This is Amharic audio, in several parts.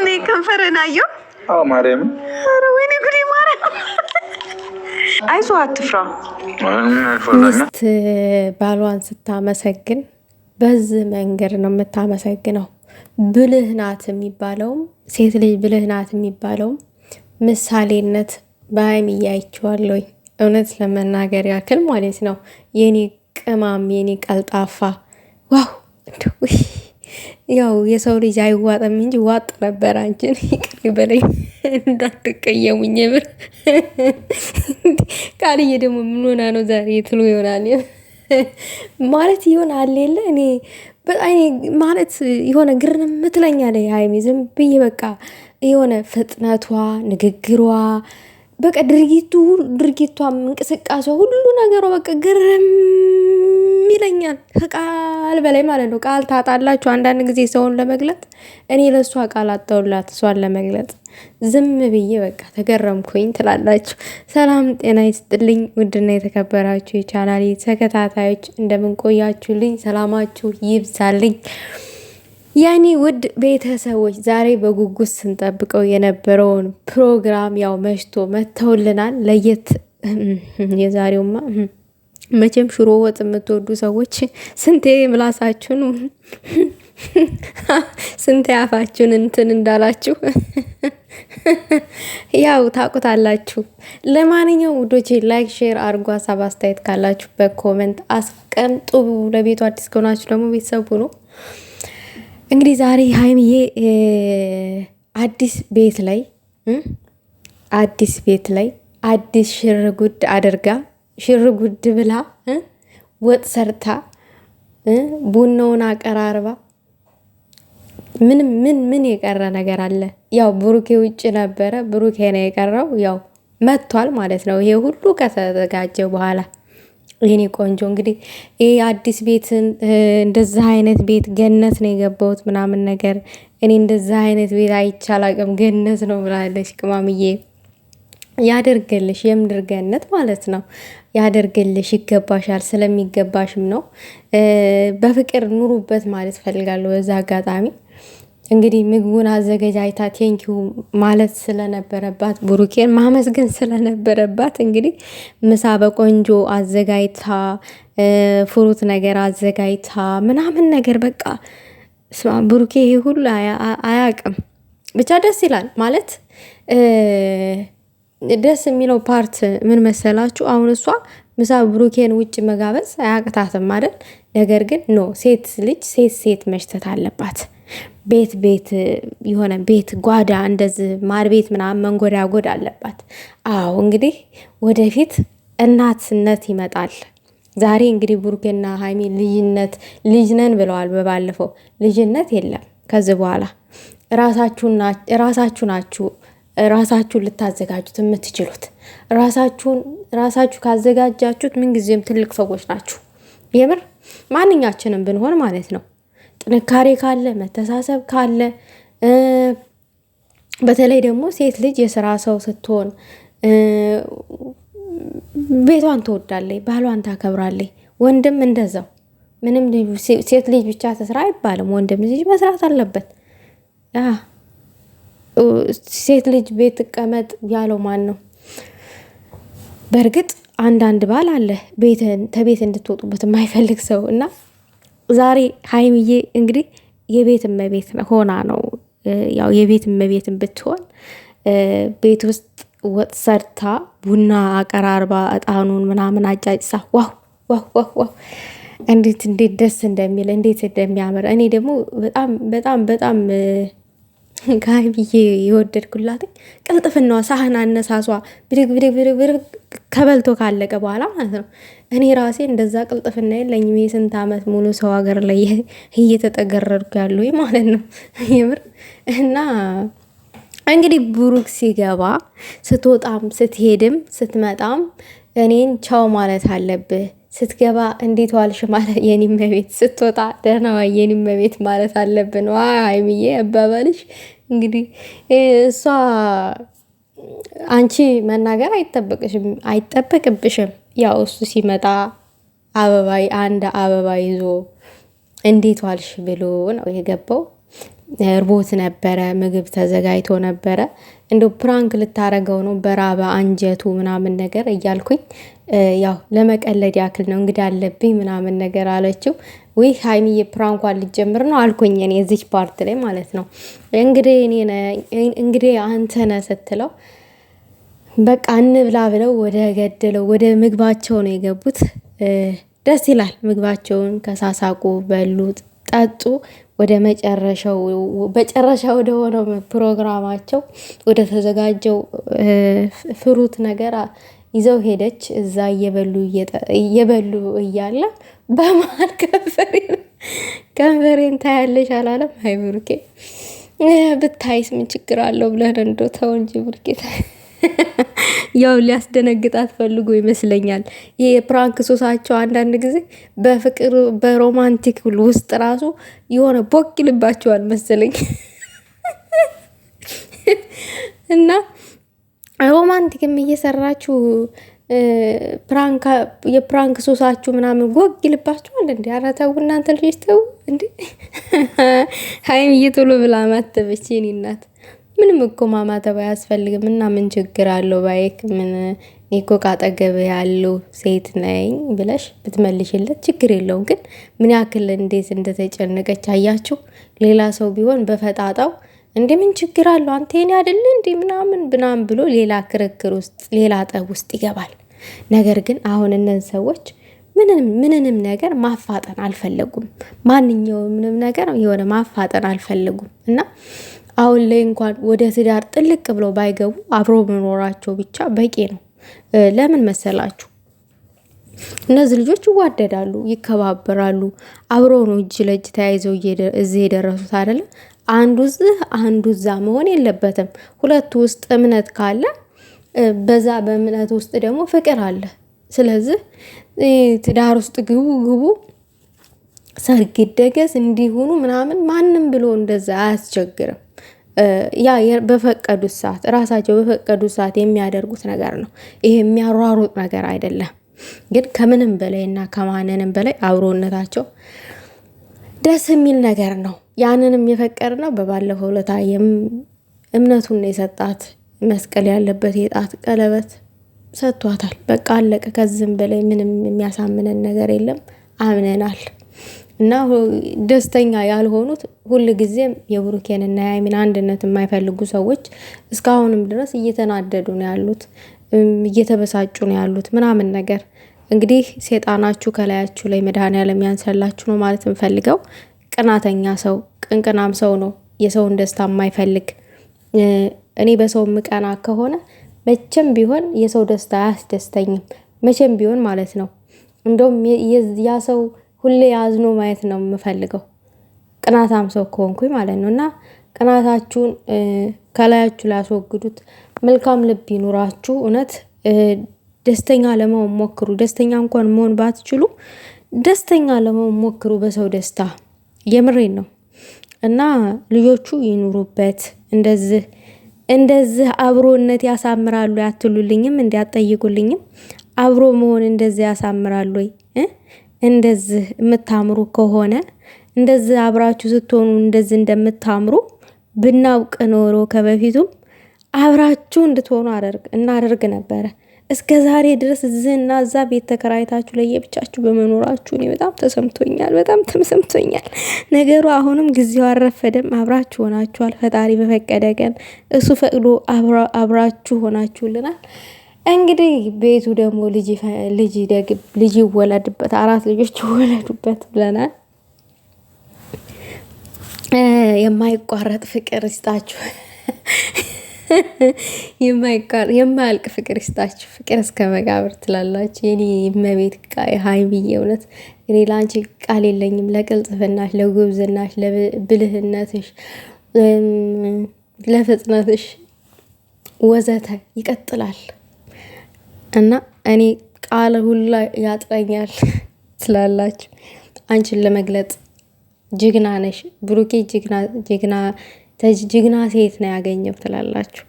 እኔ ከንፈርህን አየሁ። ማርያም፣ ኧረ ወይኔ ጉዴ! ማርያም፣ አይዞህ አትፍራ። ሚስት ባሏን ስታመሰግን በዚህ መንገድ ነው የምታመሰግነው። ብልህ ናት የሚባለውም ሴት ልጅ ብልህ ናት የሚባለውም ምሳሌነት በአይም እያይቸዋለሁ። እውነት ለመናገር ያክል ማለት ነው የኔ ቅማም የኔ ቀልጣፋ ዋው ያው የሰው ልጅ አይዋጥም እንጂ ዋጥ ነበር። አንቺን ይቅር በለኝ እንዳትቀየሙኝ። የምር ቃልዬ ደግሞ ምን ሆና ነው ዛሬ ትሉ ይሆናል ማለት ይሆን አለ የለ እኔ በጣም ማለት የሆነ ግርንም ምትለኛለች ሀይሚ ዝም ብዬ በቃ የሆነ ፍጥነቷ ንግግሯ በቃ ድርጊቱ ድርጊቷም እንቅስቃሴ ሁሉ ነገሯ በቃ ግርም ይለኛል። ከቃል በላይ ማለት ነው። ቃል ታጣላችሁ አንዳንድ ጊዜ ሰውን ለመግለጥ። እኔ ለእሷ ቃል አጠውላት እሷን ለመግለጥ ዝም ብዬ በቃ ተገረምኩኝ ትላላችሁ። ሰላም ጤና ይስጥልኝ። ውድና የተከበራችሁ የቻናል ተከታታዮች እንደምንቆያችሁልኝ፣ ሰላማችሁ ይብዛልኝ። ያኔ ውድ ቤተሰቦች ዛሬ በጉጉት ስንጠብቀው የነበረውን ፕሮግራም ያው መሽቶ መተውልናል። ለየት የዛሬውማ መቼም ሽሮ ወጥ የምትወዱ ሰዎች ስንቴ ምላሳችሁን ስንቴ አፋችሁን እንትን እንዳላችሁ ያው ታቁታላችሁ። ለማንኛውም ውዶቼ ላይክ፣ ሼር አድርጎ ሀሳብ አስተያየት ካላችሁ በኮመንት አስቀምጡ። ለቤቱ አዲስ ከሆናችሁ ደግሞ ቤተሰቡ ነው እንግዲህ ዛሬ ሀይሚዬ አዲስ ቤት ላይ አዲስ ቤት ላይ አዲስ ሽርጉድ አድርጋ ሽርጉድ ብላ ወጥ ሰርታ ቡናውን አቀራርባ ምንም ምን ምን የቀረ ነገር አለ? ያው ብሩኬ ውጭ ነበረ። ብሩኬ ነው የቀረው። ያው መጥቷል ማለት ነው። ይሄ ሁሉ ከተዘጋጀ በኋላ የኔ ቆንጆ እንግዲህ ይህ አዲስ ቤት እንደዚህ አይነት ቤት ገነት ነው የገባሁት ምናምን ነገር እኔ እንደዚህ አይነት ቤት አይቻላቅም ገነት ነው ብላለች ቅማምዬ። ያደርግልሽ የምድር ገነት ማለት ነው። ያደርግልሽ ይገባሻል፣ ስለሚገባሽም ነው። በፍቅር ኑሩበት ማለት ፈልጋለሁ በዛ አጋጣሚ እንግዲህ ምግቡን አዘገጃጅታ ቴንኪዩ ማለት ስለነበረባት ብሩኬን ማመስገን ስለነበረባት እንግዲህ ምሳ በቆንጆ አዘጋጅታ ፍሩት ነገር አዘጋጅታ ምናምን ነገር በቃ ብሩኬ ይሄ ሁሉ አያቅም። ብቻ ደስ ይላል ማለት ደስ የሚለው ፓርት ምን መሰላችሁ? አሁን እሷ ምሳ ብሩኬን ውጭ መጋበዝ አያቅታትም አይደል? ነገር ግን ኖ ሴት ልጅ ሴት ሴት መሽተት አለባት። ቤት ቤት የሆነ ቤት ጓዳ እንደዚህ ማር ቤት ምናምን መንጎዳጎድ አለባት። አዎ እንግዲህ ወደፊት እናትነት ይመጣል። ዛሬ እንግዲህ ቡርጌና ሀይሚ ልጅነት ልጅ ነን ብለዋል። በባለፈው ልጅነት የለም ከዚህ በኋላ ራሳችሁ ናችሁ ራሳችሁን ልታዘጋጁት የምትችሉት። ራሳችሁን ራሳችሁ ካዘጋጃችሁት ምንጊዜም ትልቅ ሰዎች ናችሁ። የምር ማንኛችንም ብንሆን ማለት ነው። ጥንካሬ ካለ መተሳሰብ ካለ በተለይ ደግሞ ሴት ልጅ የስራ ሰው ስትሆን ቤቷን ትወዳለች፣ ባህሏን ታከብራለች። ወንድም እንደዛው ምንም ሴት ልጅ ብቻ ትስራ አይባልም። ወንድም ልጅ መስራት አለበት። ሴት ልጅ ቤት ትቀመጥ ያለው ማን ነው? በእርግጥ አንዳንድ ባል አለ ቤትን ተቤት እንድትወጡበት የማይፈልግ ሰው እና ዛሬ ሀይሚዬ እንግዲህ የቤት እመቤት ሆና ነው። ያው የቤት እመቤትን ብትሆን ቤት ውስጥ ወጥ ሰርታ ቡና አቀራርባ እጣኑን ምናምን አጫጭሳ ዋው ዋው ዋው ዋው እንዴት እንዴት ደስ እንደሚል እንዴት እንደሚያምር እኔ ደግሞ በጣም በጣም በጣም ጋይ ብዬ የወደድኩላት ቅልጥፍናዋ፣ ሳህን አነሳሷ ብድግ ብድግ ብድግ ከበልቶ ካለቀ በኋላ ማለት ነው። እኔ ራሴ እንደዛ ቅልጥፍና የለኝም። የስንት ዓመት ሙሉ ሰው ሀገር ላይ እየተጠገረርኩ ያሉ ማለት ነው የምር እና እንግዲህ ብሩክ ሲገባ ስትወጣም ስትሄድም ስትመጣም እኔን ቻው ማለት አለብህ ስትገባ እንዴት ዋልሽ ማለት የኔም ቤት ስትወጣ ደህና ዋይ የኔም ቤት ማለት አለብን። ዋ ሀይሚዬ አባባልሽ እንግዲህ እሷ አንቺ መናገር አይጠበቅብሽም። ያው እሱ ሲመጣ አበባ አንድ አበባ ይዞ እንዴት ዋልሽ ብሎ ነው የገባው። እርቦት ነበረ፣ ምግብ ተዘጋጅቶ ነበረ። እንደ ፕራንክ ልታረገው ነው በራበ አንጀቱ ምናምን ነገር እያልኩኝ ያው ለመቀለድ ያክል ነው እንግዲህ አለብኝ ምናምን ነገር አለችው። ውይ ሀይሚዬ ፕራንኳን ልጀምር ነው አልኩኝ እኔ እዚች ፓርት ላይ ማለት ነው። እንግዲህ አንተነ ስትለው በቃ እንብላ ብለው ወደ ገደለው ወደ ምግባቸው ነው የገቡት። ደስ ይላል ምግባቸውን ከሳሳቁ በሉ ጠጡ። ወደ መጨረሻው መጨረሻ ወደ ሆነው ፕሮግራማቸው ወደ ተዘጋጀው ፍሩት ነገር ይዘው ሄደች። እዛ እየበሉ እያለ በማል ከንፈሬን ከንፈሬን ታያለሽ አላለም? አይ ብሩኬ ብታይስ ምን ችግር አለው ብለን እንዶ ተው እንጂ ብሩኬ ያው ሊያስደነግጣት ፈልጎ ይመስለኛል። ይህ የፕራንክ ሶሳቸው አንዳንድ ጊዜ በፍቅር በሮማንቲክ ውስጥ ራሱ የሆነ ቦቅ ይልባቸዋል መሰለኝ እና ሮማንቲክም እየሰራችሁ የፕራንክ ሶሳችሁ ምናምን ጎግ ይልባችኋል እንዲ ኧረ እናንተ ልጆች ተው እንዴ! ሀይም ቶሎ ብላ ማተበች የኔ እናት። ምንም እኮ ማማተብ አያስፈልግም እና ምን ችግር አለው? ባይክ ምን እኔ እኮ ካጠገብህ ያለው ሴት ነኝ ብለሽ ብትመልሽለት ችግር የለውም። ግን ምን ያክል እንዴት እንደተጨነቀች አያችሁ? ሌላ ሰው ቢሆን በፈጣጣው እንዴ ምን ችግር አለው አንተ ኔ አይደለ እንዴ ምናምን ብናም ብሎ ሌላ ክርክር ውስጥ ሌላ ጠብ ውስጥ ይገባል። ነገር ግን አሁን እነዚህ ሰዎች ምንንም ነገር ማፋጠን አልፈለጉም። ማንኛውንም ነገር የሆነ ማፋጠን አልፈለጉም እና አሁን ላይ እንኳን ወደ ትዳር ጥልቅ ብለው ባይገቡ አብሮ መኖራቸው ብቻ በቂ ነው። ለምን መሰላችሁ? እነዚህ ልጆች ይዋደዳሉ፣ ይከባበራሉ። አብሮ ነው እጅ ለእጅ ተያይዘው እዚህ የደረሱት አይደለም። አንዱ እዚህ አንዱ እዛ መሆን የለበትም። ሁለቱ ውስጥ እምነት ካለ በዛ በእምነት ውስጥ ደግሞ ፍቅር አለ። ስለዚህ ትዳር ውስጥ ግቡ ግቡ ሰርግ ይደገስ እንዲሆኑ ምናምን ማንም ብሎ እንደዛ አያስቸግርም። ያ በፈቀዱት ሰዓት ራሳቸው በፈቀዱት ሰዓት የሚያደርጉት ነገር ነው። ይሄ የሚያሯሩጥ ነገር አይደለም። ግን ከምንም በላይ እና ከማንንም በላይ አብሮነታቸው ደስ የሚል ነገር ነው። ያንንም የፈቀድ ነው። በባለፈው ለታ እምነቱን የሰጣት መስቀል ያለበት የጣት ቀለበት ሰጥቷታል። በቃ አለቀ። ከዚህም በላይ ምንም የሚያሳምነን ነገር የለም። አምነናል። እና ደስተኛ ያልሆኑት ሁል ጊዜም የብሩኬንና የሀይሚን አንድነት የማይፈልጉ ሰዎች እስካሁንም ድረስ እየተናደዱ ነው ያሉት፣ እየተበሳጩ ነው ያሉት ምናምን ነገር እንግዲህ ሴጣናችሁ ከላያችሁ ላይ መድኃኔዓለም ያንሰላችሁ ነው ማለት የምፈልገው። ቅናተኛ ሰው ቅንቅናም ሰው ነው የሰውን ደስታ የማይፈልግ። እኔ በሰው ምቀና ከሆነ መቼም ቢሆን የሰው ደስታ አያስደስተኝም፣ መቼም ቢሆን ማለት ነው። እንደውም ያ ሰው ሁሌ አዝኖ ማየት ነው የምፈልገው። ቅናታም ሰው ከሆንኩኝ ማለት ነው። እና ቅናታችሁን ከላያችሁ ላይ አስወግዱት። መልካም ልብ ይኑራችሁ። እውነት ደስተኛ ለመሆን ሞክሩ። ደስተኛ እንኳን መሆን ባትችሉ ደስተኛ ለመሆን ሞክሩ በሰው ደስታ። የምሬን ነው። እና ልጆቹ ይኑሩበት። እንደዚህ እንደዚህ አብሮነት ያሳምራሉ ያትሉልኝም እንዲያጠይቁልኝም አብሮ መሆን እንደዚህ ያሳምራሉ ወይ? እንደዚህ የምታምሩ ከሆነ እንደዚህ አብራችሁ ስትሆኑ እንደዚህ እንደምታምሩ ብናውቅ ኖሮ ከበፊቱም አብራችሁ እንድትሆኑ እናደርግ ነበረ። እስከ ዛሬ ድረስ እዚህና እዛ ቤት ተከራይታችሁ ለየብቻችሁ በመኖራችሁ እኔ በጣም ተሰምቶኛል፣ በጣም ተሰምቶኛል። ነገሩ አሁንም ጊዜው አረፈደም፣ አብራችሁ ሆናችኋል። ፈጣሪ በፈቀደ ቀን እሱ ፈቅዶ አብራችሁ ሆናችሁልናል። እንግዲህ ቤቱ ደግሞ ልጅ ይወለድበት፣ አራት ልጆች ይወለዱበት ብለናል። የማይቋረጥ ፍቅር ይስጣችሁ፣ የማያልቅ ፍቅር ይስጣችሁ። ፍቅር እስከ መቃብር ትላላችሁ። የኔ መቤት ሀይሚዬ፣ እውነት እኔ ለአንቺ ቃል የለኝም። ለቅልጥፍናሽ፣ ለጉብዝናሽ፣ ለብልህነትሽ፣ ለፍጥነትሽ ወዘተ ይቀጥላል። እና እኔ ቃል ሁላ ያጥረኛል ስላላችሁ አንቺን ለመግለጥ ጅግና ነሽ ብሩኬ፣ ጅግና ጅግና ሴት ነው ያገኘው ትላላችሁ።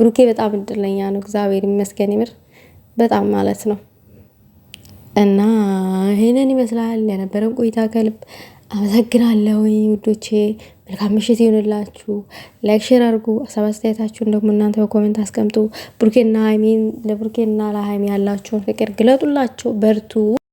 ብሩኬ በጣም እድለኛ ነው፣ እግዚአብሔር ይመስገን ይምር በጣም ማለት ነው። እና ይህንን ይመስላል የነበረን ቆይታ ከልብ አመሰግናለሁ ውዶቼ። መልካም ምሽት ይሁንላችሁ። ላይክ ሼር አድርጉ። ሀሳብ አስተያየታችሁን ደግሞ እናንተ በኮሜንት አስቀምጡ። ብሩኬና ሀይሚን ለብሩኬና ለሀይሚ ያላችሁን ፍቅር ግለጡላቸው። በርቱ።